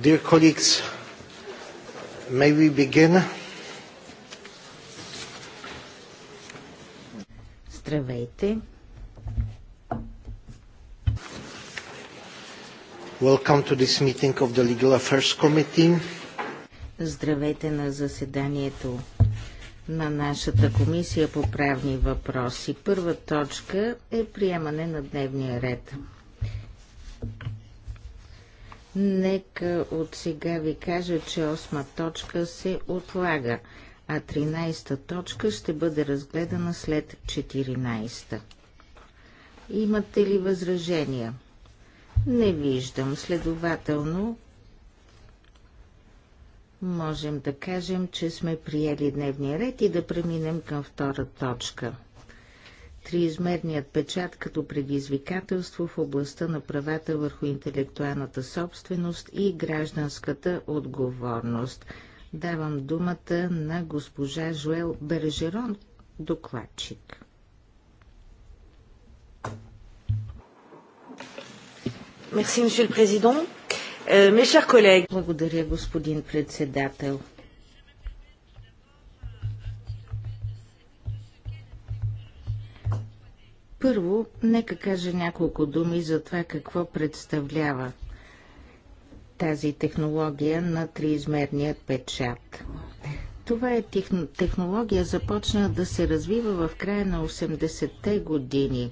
Dear colleagues, may we begin? Здравейте! Welcome to this meeting of the Legal Affairs Committee. Здравейте на заседанието на нашата комисия по правни въпроси. Първа точка е приемане на дневния ред. Нека от сега ви кажа, че осма точка се отлага, а 13-та точка ще бъде разгледана след 14-та. Имате ли възражения? Не виждам. Следователно, можем да кажем, че сме приели дневния ред и да преминем към втора точка – триизмерният печат като предизвикателство в областта на правата върху интелектуалната собственост и гражданската отговорност. Давам думата на госпожа Жуел Бержерон, докладчик. Euh, Благодаря, господин председател. Първо, нека кажа няколко думи за това какво представлява тази технология на триизмерният печат. Това е технология започна да се развива в края на 80-те години,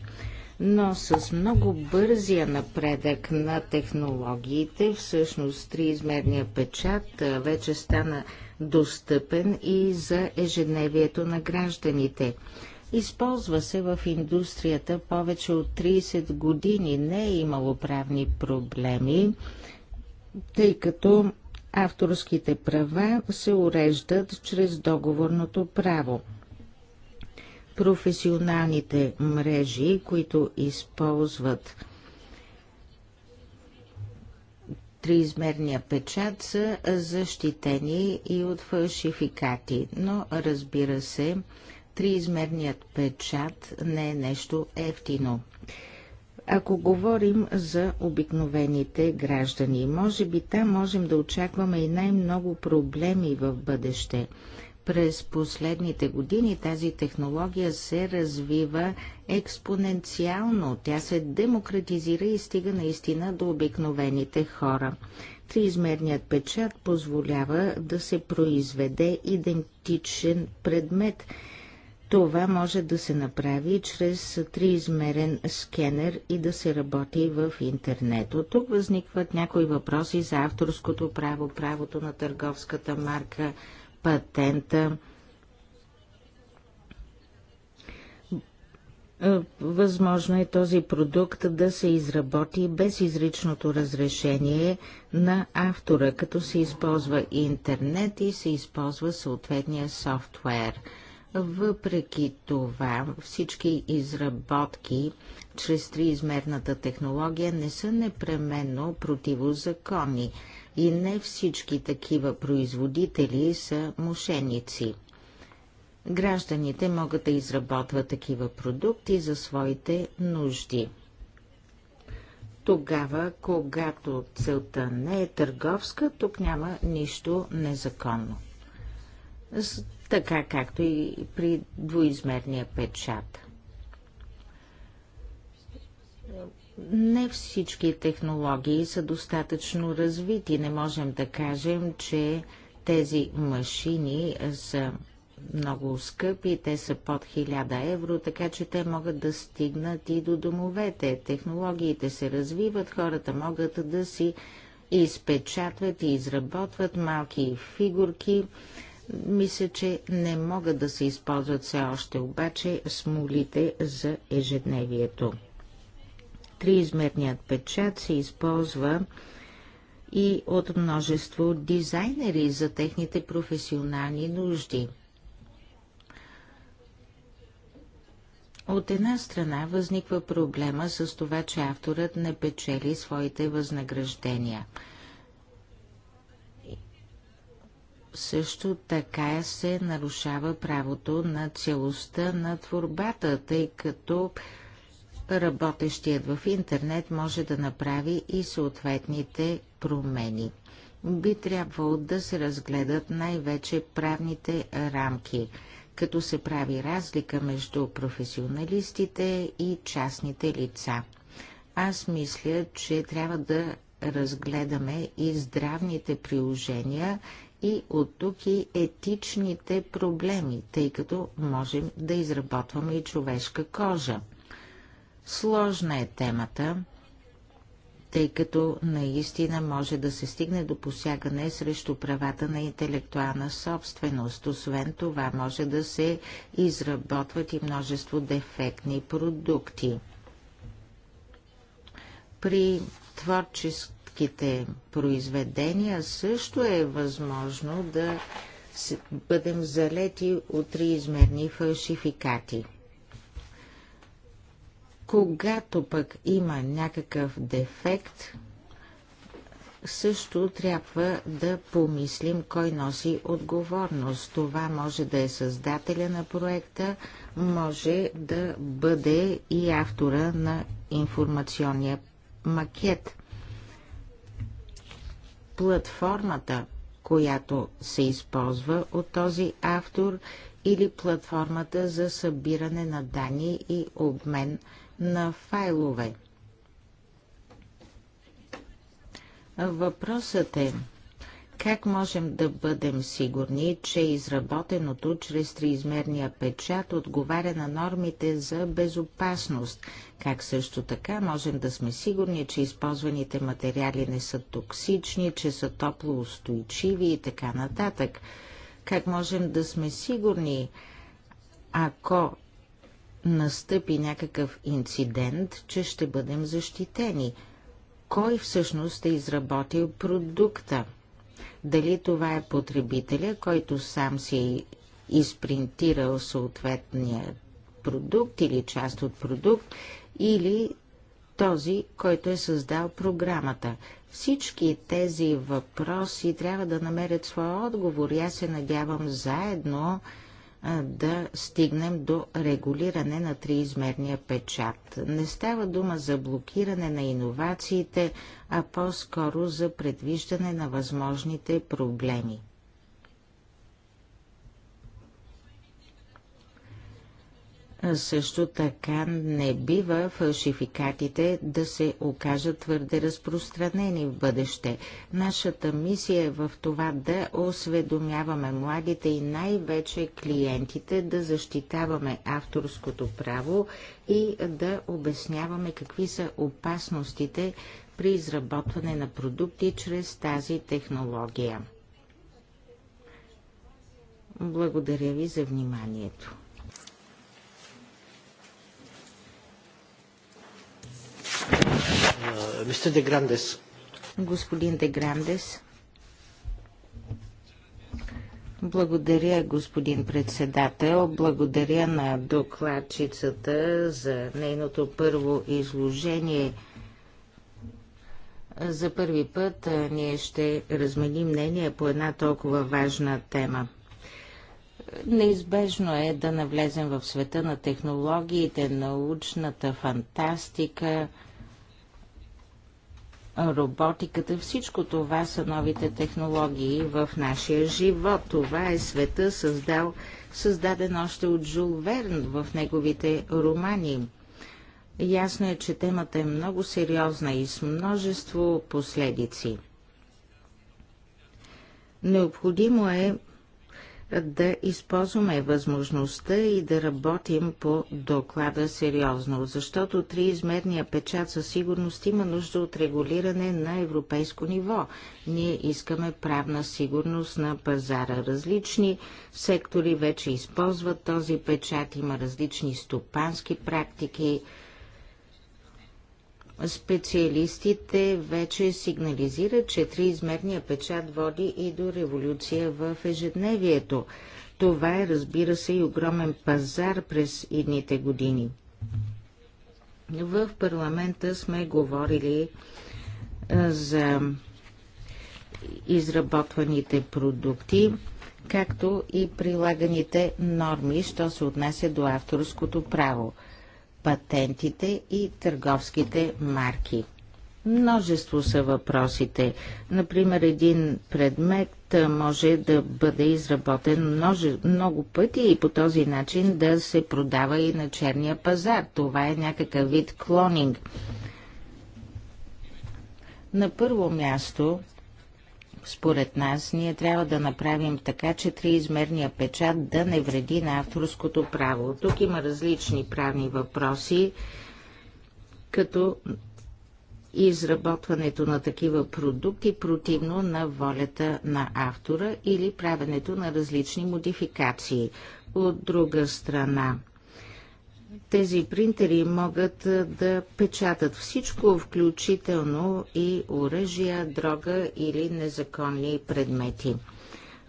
но с много бързия напредък на технологиите, всъщност триизмерният печат вече стана достъпен и за ежедневието на гражданите. Използва се в индустрията повече от 30 години. Не е имало правни проблеми, тъй като авторските права се уреждат чрез договорното право. Професионалните мрежи, които използват триизмерния печат, са защитени и от фалшификати, но разбира се, Триизмерният печат не е нещо ефтино. Ако говорим за обикновените граждани, може би там можем да очакваме и най-много проблеми в бъдеще. През последните години тази технология се развива експоненциално. Тя се демократизира и стига наистина до обикновените хора. Триизмерният печат позволява да се произведе идентичен предмет – това може да се направи чрез триизмерен скенер и да се работи в интернет. От тук възникват някои въпроси за авторското право, правото на търговската марка, патента. Е, възможно е този продукт да се изработи без изричното разрешение на автора, като се използва интернет и се използва съответния софтуер – въпреки това, всички изработки чрез триизмерната технология не са непременно противозаконни и не всички такива производители са мошеници. Гражданите могат да изработват такива продукти за своите нужди. Тогава, когато целта не е търговска, тук няма нищо незаконно така както и при двоизмерния печат. Не всички технологии са достатъчно развити. Не можем да кажем, че тези машини са много скъпи, те са под 1000 евро, така че те могат да стигнат и до домовете. Технологиите се развиват, хората могат да си изпечатват и изработват малки фигурки мисля, че не могат да се използват все още обаче смолите за ежедневието. Триизмерният печат се използва и от множество дизайнери за техните професионални нужди. От една страна възниква проблема с това, че авторът не печели своите възнаграждения – също така се нарушава правото на целостта на творбата, тъй като работещият в интернет може да направи и съответните промени. Би трябвало да се разгледат най-вече правните рамки, като се прави разлика между професионалистите и частните лица. Аз мисля, че трябва да разгледаме и здравните приложения и от тук и етичните проблеми, тъй като можем да изработваме и човешка кожа. Сложна е темата, тъй като наистина може да се стигне до посягане срещу правата на интелектуална собственост. Освен това може да се изработват и множество дефектни продукти. При творчески авторските произведения също е възможно да бъдем залети от триизмерни фалшификати. Когато пък има някакъв дефект, също трябва да помислим кой носи отговорност. Това може да е създателя на проекта, може да бъде и автора на информационния макет платформата, която се използва от този автор или платформата за събиране на данни и обмен на файлове. Въпросът е как можем да бъдем сигурни, че изработеното чрез триизмерния печат отговаря на нормите за безопасност? Как също така можем да сме сигурни, че използваните материали не са токсични, че са топло устойчиви и така нататък? Как можем да сме сигурни, ако настъпи някакъв инцидент, че ще бъдем защитени? Кой всъщност е изработил продукта? Дали това е потребителя, който сам си е изпринтирал съответния продукт или част от продукт, или този, който е създал програмата. Всички тези въпроси трябва да намерят своя отговор. Аз се надявам заедно да стигнем до регулиране на триизмерния печат. Не става дума за блокиране на иновациите, а по-скоро за предвиждане на възможните проблеми. Също така не бива фалшификатите да се окажат твърде разпространени в бъдеще. Нашата мисия е в това да осведомяваме младите и най-вече клиентите, да защитаваме авторското право и да обясняваме какви са опасностите при изработване на продукти чрез тази технология. Благодаря ви за вниманието. Мистер Де Грандес. Господин Де Грандес. Благодаря, господин председател. Благодаря на докладчицата за нейното първо изложение. За първи път ние ще разменим мнение по една толкова важна тема. Неизбежно е да навлезем в света на технологиите, научната фантастика – роботиката. Всичко това са новите технологии в нашия живот. Това е света създал, създаден още от Жул Верн в неговите романи. Ясно е, че темата е много сериозна и с множество последици. Необходимо е да използваме възможността и да работим по доклада сериозно, защото триизмерният печат със сигурност има нужда от регулиране на европейско ниво. Ние искаме правна сигурност на пазара. Различни сектори вече използват този печат, има различни стопански практики, Специалистите вече сигнализират, че триизмерният печат води и до революция в ежедневието. Това е, разбира се, и огромен пазар през идните години. В парламента сме говорили за изработваните продукти, както и прилаганите норми, що се отнася до авторското право – патентите и търговските марки. Множество са въпросите. Например, един предмет може да бъде изработен множе, много пъти и по този начин да се продава и на черния пазар. Това е някакъв вид клонинг. На първо място според нас, ние трябва да направим така, че триизмерния печат да не вреди на авторското право. Тук има различни правни въпроси, като изработването на такива продукти противно на волята на автора или правенето на различни модификации. От друга страна, тези принтери могат да печатат всичко, включително и оръжия, дрога или незаконни предмети.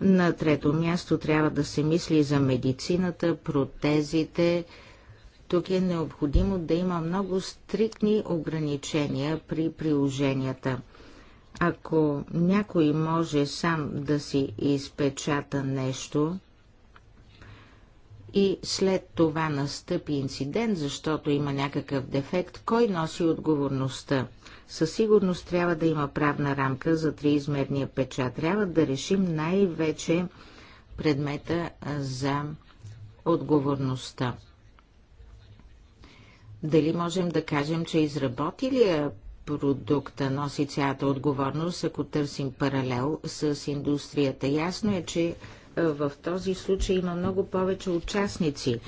На трето място трябва да се мисли за медицината, протезите. Тук е необходимо да има много стрикни ограничения при приложенията. Ако някой може сам да си изпечата нещо, и след това настъпи инцидент, защото има някакъв дефект, кой носи отговорността? Със сигурност трябва да има правна рамка за триизмерния печат. Трябва да решим най-вече предмета за отговорността. Дали можем да кажем, че изработилия продукта носи цялата отговорност, ако търсим паралел с индустрията? Ясно е, че в този случай има много повече участници.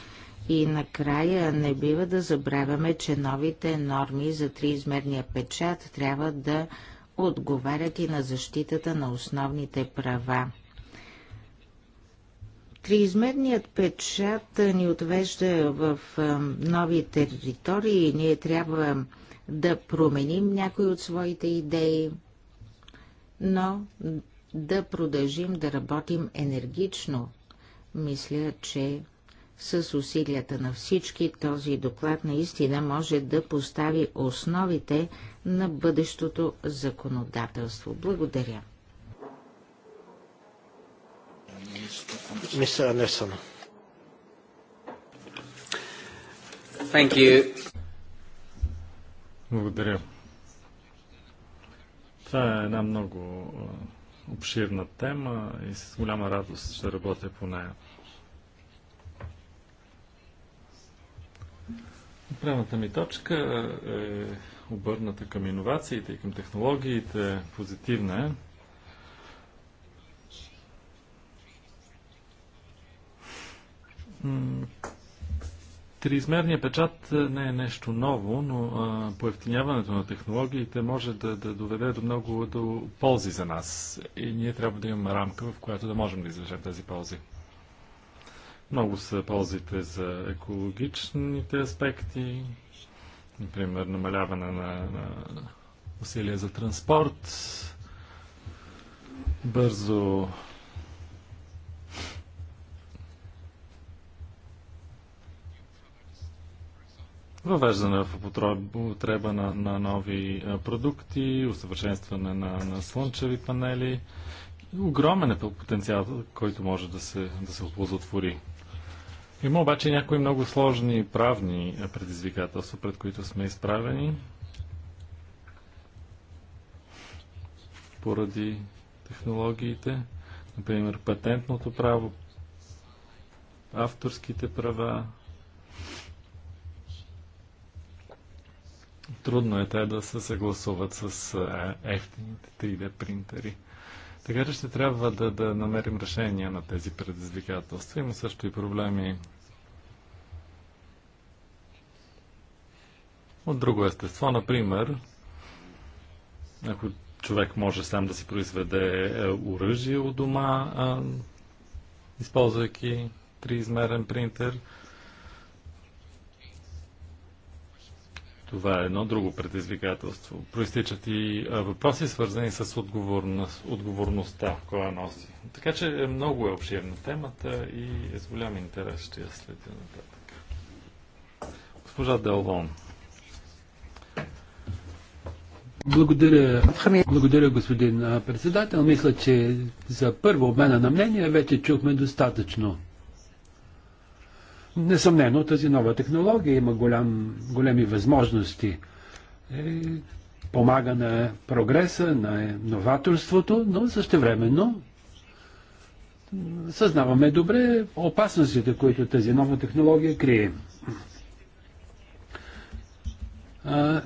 И накрая не бива да забравяме, че новите норми за триизмерния печат трябва да отговарят и на защитата на основните права. Триизмерният печат ни отвежда в нови територии и ние трябва да променим някои от своите идеи, но да продължим да работим енергично. Мисля, че с усилията на всички този доклад наистина може да постави основите на бъдещото законодателство. Благодаря. Мистер Thank you. Благодаря. Това е една много обширна тема и с голяма радост ще работя по нея. Правната ми точка е обърната към иновациите и към технологиите, позитивна е. Триизмерният печат е, не е нещо ново, но а, поевтиняването на технологиите може да, да доведе до много до ползи за нас. И ние трябва да имаме рамка, в която да можем да извлечем тези ползи. Много са ползите за екологичните аспекти, например намаляване на, на усилия за транспорт, бързо въвеждане в употреба на, на нови продукти, усъвършенстване на, на слънчеви панели. Огромен е потенциал, който може да се, да се оползотвори. Има обаче някои много сложни правни предизвикателства, пред които сме изправени поради технологиите, например патентното право, авторските права, Трудно е те да се съгласуват с е, ефтините 3D принтери. Така че ще трябва да, да намерим решение на тези предизвикателства. Има също и проблеми от друго естество. Например, ако човек може сам да си произведе е, оръжие от дома, а, използвайки триизмерен принтер, Това е едно друго предизвикателство. Проистичат и въпроси, свързани с отговорност, отговорността, коя носи. Така че е, много е обширна темата и е с голям интерес ще я следя нататък. Госпожа Делвон. Благодаря. Благодаря, господин председател. Мисля, че за първо обмена на мнение вече чухме достатъчно. Несъмнено, тази нова технология има голям, големи възможности. Е, помага на прогреса, на новаторството, но същевременно съзнаваме добре опасностите, които тази нова технология крие.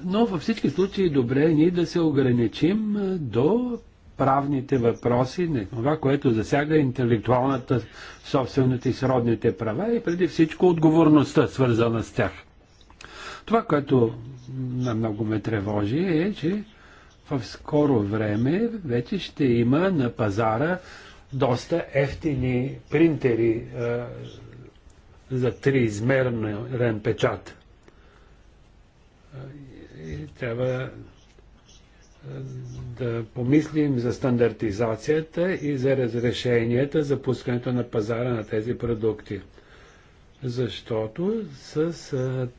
Но във всички случаи добре е ние да се ограничим до правните въпроси, на това, което засяга интелектуалната собствената и сродните права и преди всичко отговорността, свързана с тях. Това, което на много ме тревожи е, че в скоро време вече ще има на пазара доста ефтини принтери а, за триизмерен печат. И трябва да помислим за стандартизацията и за разрешенията за пускането на пазара на тези продукти. Защото с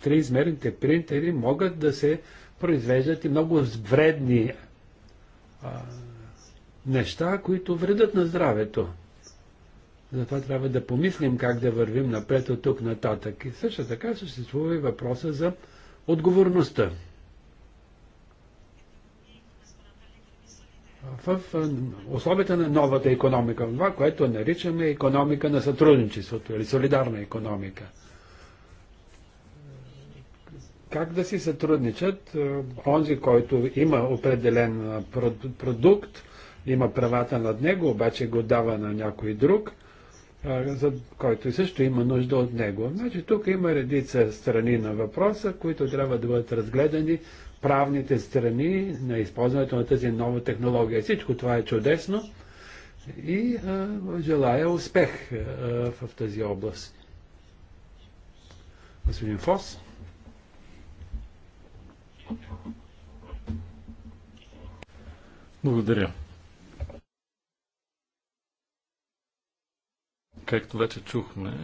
триизмерните принтери могат да се произвеждат и много вредни а, неща, които вредят на здравето. Затова трябва да помислим как да вървим напред от тук нататък. И също така съществува и въпроса за отговорността. в условията на новата економика, това, което наричаме економика на сътрудничеството или солидарна економика. Как да си сътрудничат онзи, който има определен продукт, има правата над него, обаче го дава на някой друг, за който също има нужда от него. Значи тук има редица страни на въпроса, които трябва да бъдат разгледани правните страни на използването на тази нова технология. Всичко това е чудесно и а, е, желая успех а, е, в тази област. Господин Фос. Благодаря. Както вече чухме,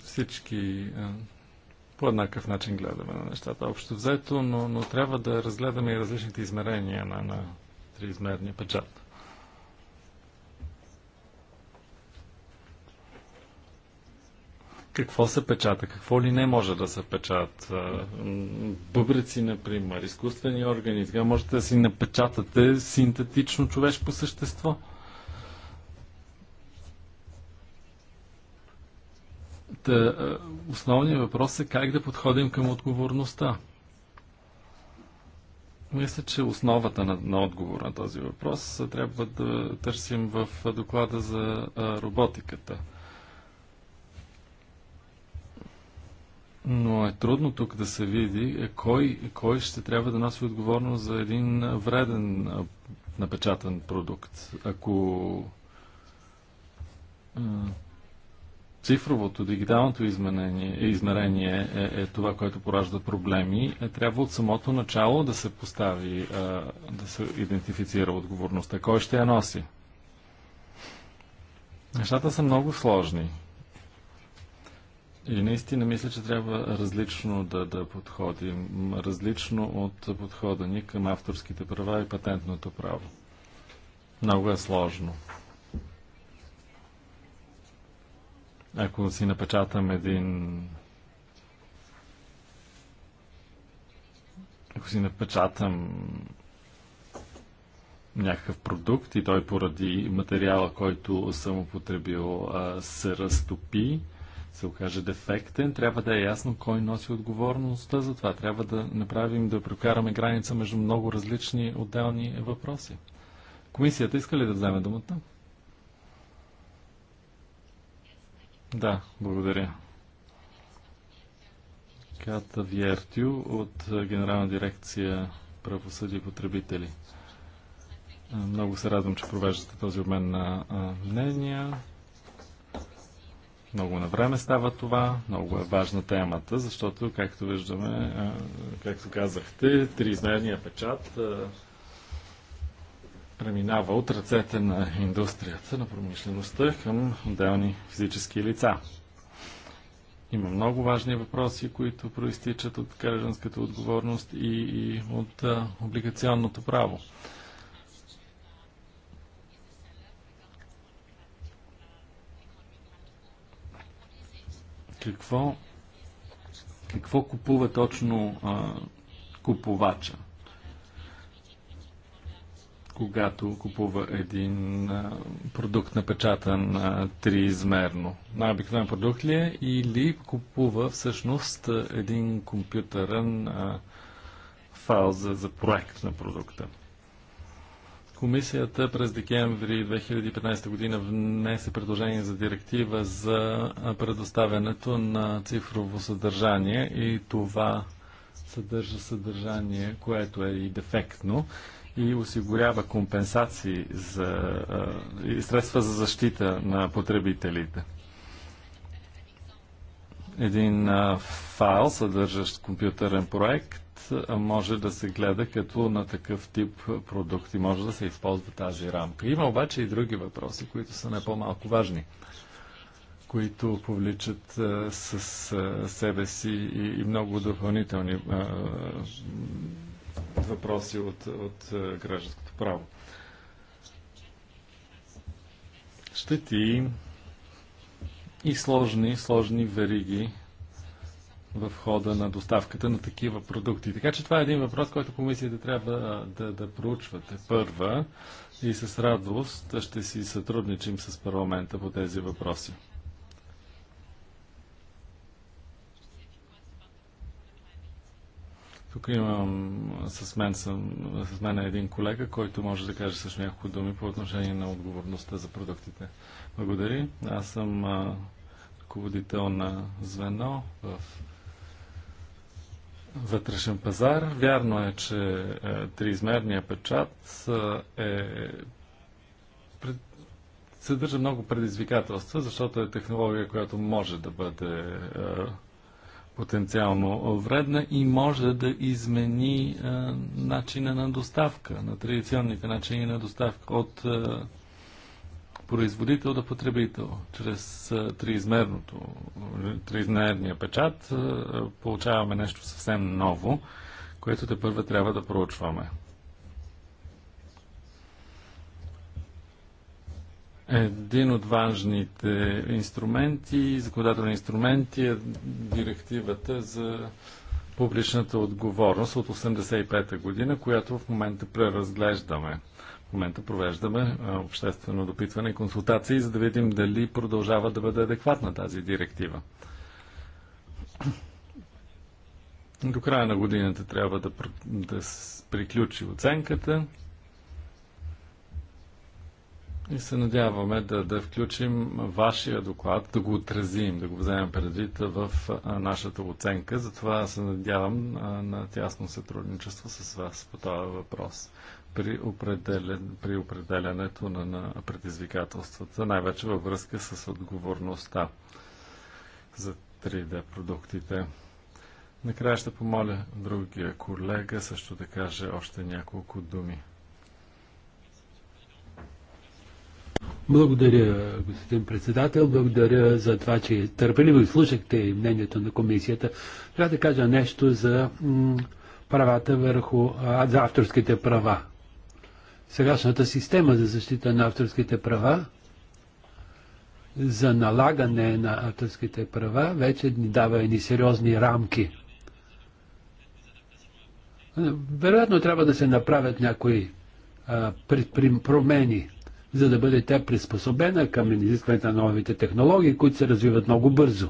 всички е, по еднакъв начин гледаме на нещата общо взето, но, но трябва да разгледаме и различните измерения на, на триизмерния печат. Какво се печата? Какво ли не може да се печата? бъбрици, например, изкуствени органи. Сега можете да си напечатате синтетично човешко същество – Та, е, е, основният въпрос е как да подходим към отговорността. Мисля, че основата на, на отговор на този въпрос трябва да търсим в доклада за е, роботиката. Но е трудно тук да се види кой, кой ще трябва да носи отговорност за един вреден напечатан продукт. Ако цифровото, дигиталното измерение е, е това, което поражда проблеми, е, трябва от самото начало да се постави, е, да се идентифицира отговорността. Кой ще я носи? Нещата са много сложни. И наистина мисля, че трябва различно да, да подходим, различно от подхода ни към авторските права и патентното право. Много е сложно. ако си напечатам един ако си напечатам някакъв продукт и той поради материала, който съм употребил, се разтопи, се окаже дефектен, трябва да е ясно кой носи отговорността за това. Трябва да направим, да прокараме граница между много различни отделни въпроси. Комисията иска ли да вземе думата? Да, благодаря. Ката Виертю от Генерална дирекция правосъдие и потребители. Много се радвам, че провеждате този обмен на мнения. Много на време става това, много е важна темата, защото, както виждаме, както казахте, триизмерния печат преминава от ръцете на индустрията, на промишлеността към отделни физически лица. Има много важни въпроси, които проистичат от гражданската отговорност и, и от а, облигационното право. Какво, какво купува точно а, купувача? когато купува един продукт напечатан триизмерно? Най-обикновен продукт ли е или купува всъщност един компютърен файл за, за проект на продукта? Комисията през декември 2015 година внесе предложение за директива за предоставянето на цифрово съдържание и това съдържа съдържание, което е и дефектно и осигурява компенсации за, и средства за защита на потребителите. Един файл, съдържащ компютърен проект, може да се гледа като на такъв тип продукт и може да се използва тази рамка. Има обаче и други въпроси, които са не по-малко важни които повличат а, с а, себе си и, и много допълнителни а, въпроси от, от е, гражданското право. Ще ти и сложни, сложни вериги в хода на доставката на такива продукти. Така че това е един въпрос, който комисията трябва да, да проучвате първа и с радост ще си сътрудничим с парламента по тези въпроси. Тук имам с мен, съм, с мен е един колега, който може да каже също няколко думи по отношение на отговорността за продуктите. Благодаря. Аз съм ръководител на звено в вътрешен пазар. Вярно е, че е, триизмерният печат е пред, съдържа много предизвикателства, защото е технология, която може да бъде е, потенциално вредна и може да измени а, начина на доставка, на традиционните начини на доставка от а, производител до потребител. Чрез а, триизмерното, триизмерния печат а, получаваме нещо съвсем ново, което те първа трябва да проучваме. Един от важните инструменти, законодателни инструменти е директивата за публичната отговорност от 1985 година, която в момента преразглеждаме. В момента провеждаме обществено допитване и консултации, за да видим дали продължава да бъде адекватна тази директива. До края на годината трябва да, да приключи оценката и се надяваме да, да включим вашия доклад, да го отразим, да го вземем предвид в нашата оценка. Затова се надявам на тясно сътрудничество с вас по този въпрос при, определен, при определянето на, на предизвикателствата, най-вече във връзка с отговорността за 3D продуктите. Накрая ще помоля другия колега също да каже още няколко думи. Благодаря, господин председател. Благодаря за това, че търпеливо изслушахте мнението на комисията. Трябва да кажа нещо за правата върху, а, за авторските права. Сегашната система за защита на авторските права за налагане на авторските права вече ни дава едни сериозни рамки. Вероятно трябва да се направят някои а, промени за да бъде тя приспособена към изискването на новите технологии, които се развиват много бързо.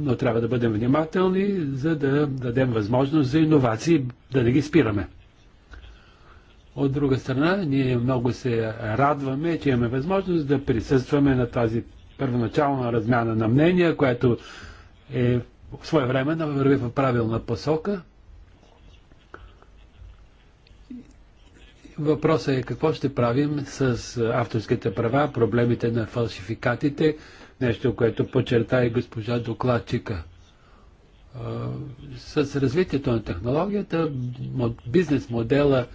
Но трябва да бъдем внимателни, за да дадем възможност за иновации, да не ги спираме. От друга страна, ние много се радваме, че имаме възможност да присъстваме на тази първоначална размяна на мнения, която е в своевременно върви в правилна посока Въпросът е какво ще правим с авторските права, проблемите на фалшификатите, нещо, което подчерта и госпожа докладчика. С развитието на технологията, бизнес модела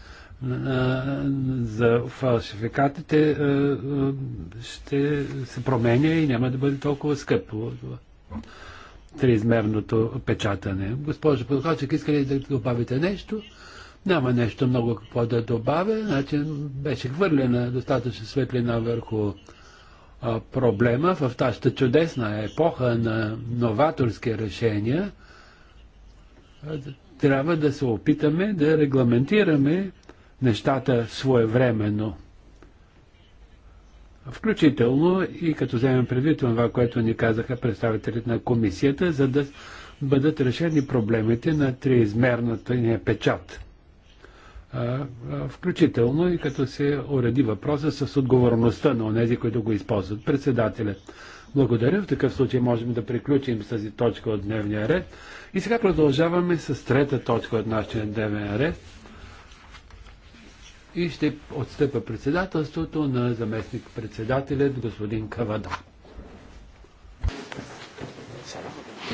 за фалшификатите ще се променя и няма да бъде толкова скъпо триизмерното печатане. Госпожо Подхочек, искали да добавите нещо? Няма нещо много какво да добавя, значи беше хвърлена достатъчно светлина върху а, проблема в тази чудесна епоха на новаторски решения. Трябва да се опитаме да регламентираме нещата своевременно. Включително и като вземем предвид това, което ни казаха представителите на комисията, за да бъдат решени проблемите на триизмерната ни печат включително и като се уреди въпроса с отговорността на онези, които го използват. Председателя. Благодаря. В такъв случай можем да приключим с тази точка от дневния ред. И сега продължаваме с трета точка от нашия дневния ред. И ще отстъпа председателството на заместник председателят господин Кавада.